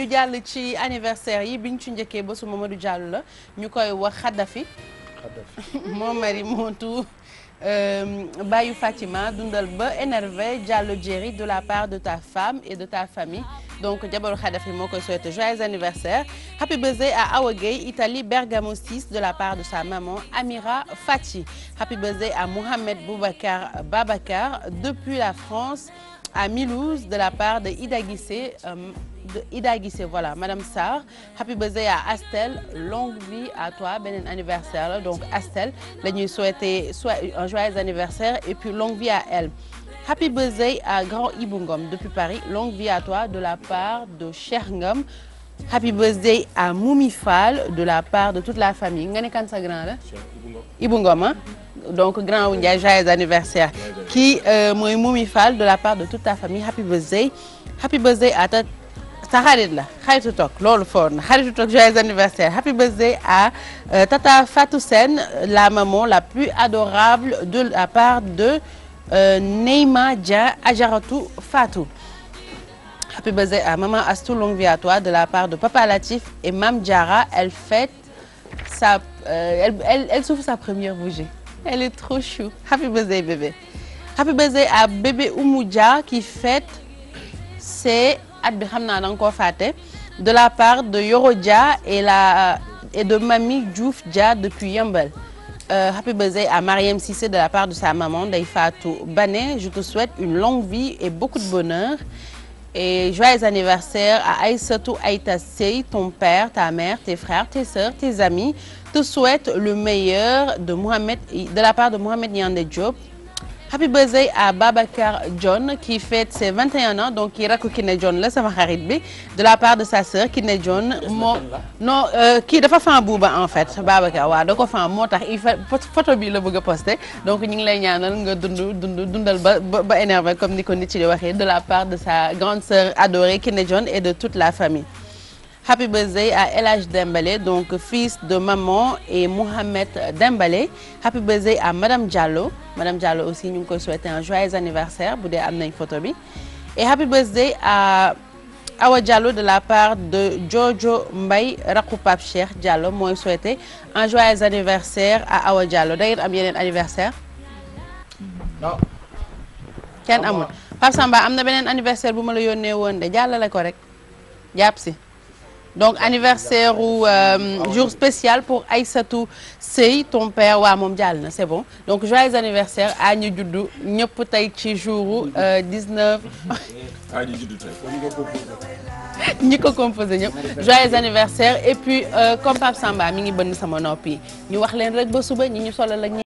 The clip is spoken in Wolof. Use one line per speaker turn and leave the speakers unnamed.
ñu jàll ci anniversaire yi bi ñu ci njëkkee bésu Mamadou Diallo la ñu koy wax Xadafi mon mari mon tout Euh, Bayou Fatima dundal ba énervé Diallo Djeri de la part de ta femme et de ta famille donc jabaru Khadafi moo koy souhaité joyeux anniversaire happy birthday à Awa Gueye Italie Bergamo 6 de la part de sa maman Amira Fati happy birthday à Mohamed Boubacar Babacar depuis la France à Mulhouse de la part de Ida Guissé euh, de Ida Guissé voilà madame Sarr happy birthday à Astel longue vie à toi beneen anniversaire la donc Astel la ñuy souhaiter soit un joyeux anniversaire et puis longue vie à elle. happy birthday à grand Ibou Ngom depuis Paris longue vie à toi de la part de Cheikh Ngom happy birthday à Moumi Fall de la part de toute la famille nga ne kan sa grand la. Cheikh Ibou Ngom Ibou Ngom donc grand wu Ndiaye joyeux anniversaire kii euh, mooy Fall de la part de toute ta famille happy birthday happy birthday à la xaritu à euh, Tata Fatou Sène la maman la plus adorable de la part de euh, Neyma Dia Ajaratou Fatou happy birthday à maman Astou longue vie toi de la part de Papa Latif et Mam Diara elle fête sa première bougie Elle est trop chou. Happy birthday bébé. Happy birthday à bébé Oumoudia qui fête ses at bi xam naa da nga koo fàtte de la part de Yoro Dia et la et de Mami Diouf Dia depuis Yeumbeul. Euh, happy birthday à Mariam Cissé de la part de sa maman Ndeye Fatou Bané. Je te souhaite une longue vie et beaucoup de bonheur. Et joyeux anniversaire à Aïssatou Aïta Sey, ton père, ta mère, tes frères, tes sœurs, tes amis. te souhaite le meilleur de Mohamed de la part de Mohamed Yandé Diop. Happy birthday à Babacar John qui fête ses 21 ans donc kii rakk Kiné John la sama xarit bi de la part de sa ki ne John moo non euh, kii dafa fan buuba en fait Babacar waaw da ko fan moo tax il photo bi la bëgg a posté donc ñu ngi lay ñaanal nga dund dund dundal ba ba énervé comme ni ko nit ci di waxee de la part de sa grande sœur adorée Kiné John et de toute la famille Happy birthday à Elage Dembélé donc fils de maman et Mohamed Dembélé happy birthday à madame Diallo madame Diallo aussi ñu ngi koy souhaiter un joyeux anniversaire bu dee am nañ photo bi et happy birthday à Awa Diallo de la part de Jojo Mbaye rakku Pape Cheikh Diallo mooy souhaiter un joyeux anniversaire à Awa Diallo da am yeneen anniversaire. non. kenn amul Pape Samba am na beneen anniversaire bu ma la yónnee woon de jàllale ko rek jàpp si. donc anniversaire w euh, jour spécial pour Aïssatou Sey ton père waa moom jàll na c'est bon donc joyeux anniversaire à ñu juddu ñëpp tey ci jour 19. Euh, à ñu juddu tey ñi ko composé ñëpp joyeux anniversaire et puis euh, comme Pape Samba mi ngi bënn sama noppi ñu wax leen rek ba suba ñi ñu solal la